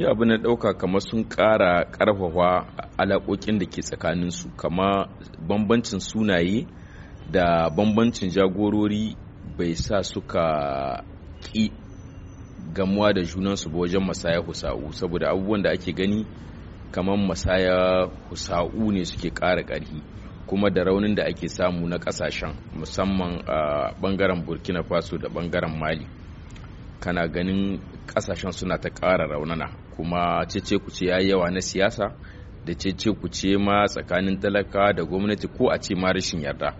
yi abu na ɗauka kamar sun ƙara ƙarfafa alaƙoƙin da ke tsakaninsu kama bambancin sunaye da bambancin jagorori bai sa suka ƙi gamuwa da junansu ba wajen masaya husa'u saboda abubuwan da ake gani kamar masaya husa'u ne suke ƙara ƙarfi kuma da raunin da ake samu na ƙasashen musamman a ɓangaren burkina faso da ɓangaren mali kana ganin kasashen suna ta ƙara raunana kuma cece ce ya yawa na siyasa da cece ce ma tsakanin talaka da gwamnati ko a ce ma rashin yarda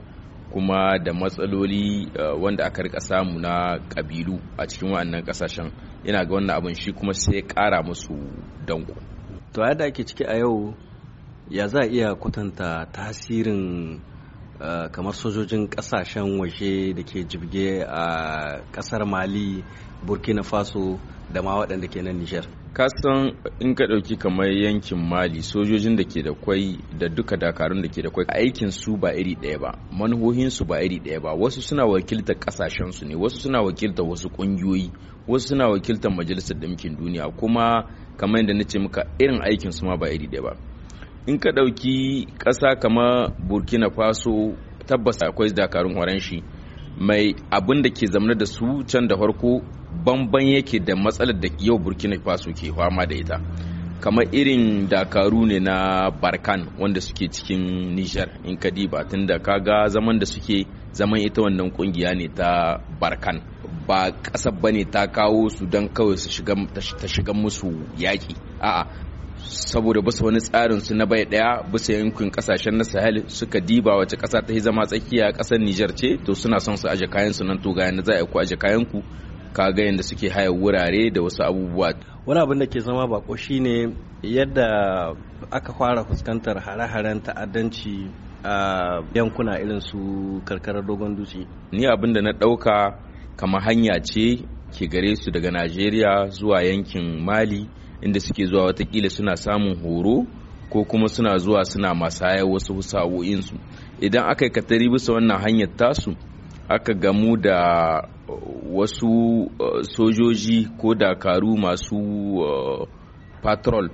kuma da matsaloli eh, wanda aka rika samu na kabilu a cikin wannan kasashen yana ga wannan abin shi kuma sai ƙara musu danko to yadda ake ciki a yau ya za a iya kwatanta tasirin Eh, kamar sojojin kasashen waje da ke jibge a kasar mali burkina faso da ma waɗanda ke nan nijar kasan in ka ɗauki kamar yankin mali sojojin da ke da kwai da duka dakarun da ke da kwai aikin su ba iri ɗaya ba manhohin su ba iri ɗaya ba wasu suna wakiltar kasashen su ne wasu suna wakiltar wasu ƙungiyoyi wasu suna wakiltar majalisar ɗinkin duniya kuma kamar yadda na ce muka irin aikin su ma ba iri ɗaya ba in ka ɗauki ƙasa kamar burkina faso tabbas akwai dakarun horon shi mai abin da ke zamana da su can da farko bamban yake da matsalar da yau burkina faso ke fama da ita kamar irin dakaru ne na barkan wanda suke cikin nijar in ka diba tun da ka ga zaman da suke zaman ita wannan ƙungiya ne ta barkan ba ƙasar ba ne ta kawo su don kawai ta shiga musu yaƙi a'a saboda basu wani tsarin su na bai daya bisa yankin kasashen na sahel suka diba wace kasa ta yi zama tsakiya kasar nijar ce to suna son su aje kayan su nan to ga yanda za a ku aje kayan ku ka ga yanda suke haya wurare da wasu abubuwa wani abin da ke zama bako shine yadda aka fara fuskantar hare-haren ta'addanci a yankuna irin su karkarar dogon dutse ni abin da na dauka kamar hanya ce ke gare su daga najeriya zuwa yankin mali inda suke zuwa watakila suna samun horo ko kuma suna zuwa suna masaya wasu sa'o'insu idan aka yi katari bisa wannan hanyar tasu aka gamu da uh, wasu uh, sojoji ko dakaru masu uh, patrol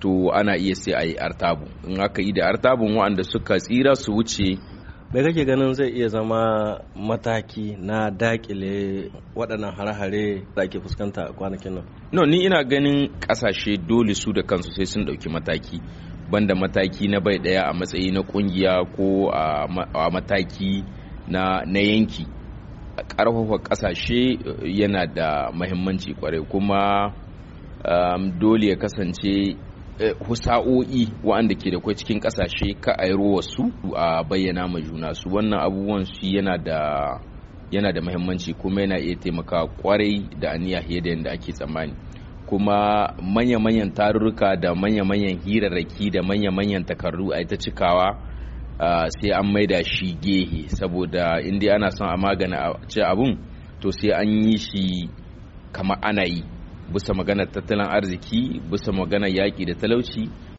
to ana iya sai a yi artabu in aka yi da artabun waɗanda suka tsira su wuce me kake ganin zai iya zama mataki na dakile waɗannan hare-hare da ake fuskanta a kwanakin nan no ni ina ganin ƙasashe dole su da kansu sai sun ɗauki mataki banda mataki na bai ɗaya a matsayi na ƙungiya ko a mataki na yanki ƙarfafa ƙasashe eh, yana da mahimmanci kwarai kuma um, dole ya kasance Eh, husa'o'i wa'anda ke da kwai cikin kasashe ka a su a bayyana ma juna su wannan abubuwan su yana da da mahimmanci kuma yana iya taimaka kwarai da aniya da yadda ake tsammani kuma manya-manyan tarurruka da manya-manyan hirarraki da manya-manyan takardu a ita cikawa sai an maida shi gehe saboda inda ana son a magana ce abun to sai an yi shi kamar ana yi bisa maganar tattalin arziki bisa maganar yaƙi da talauci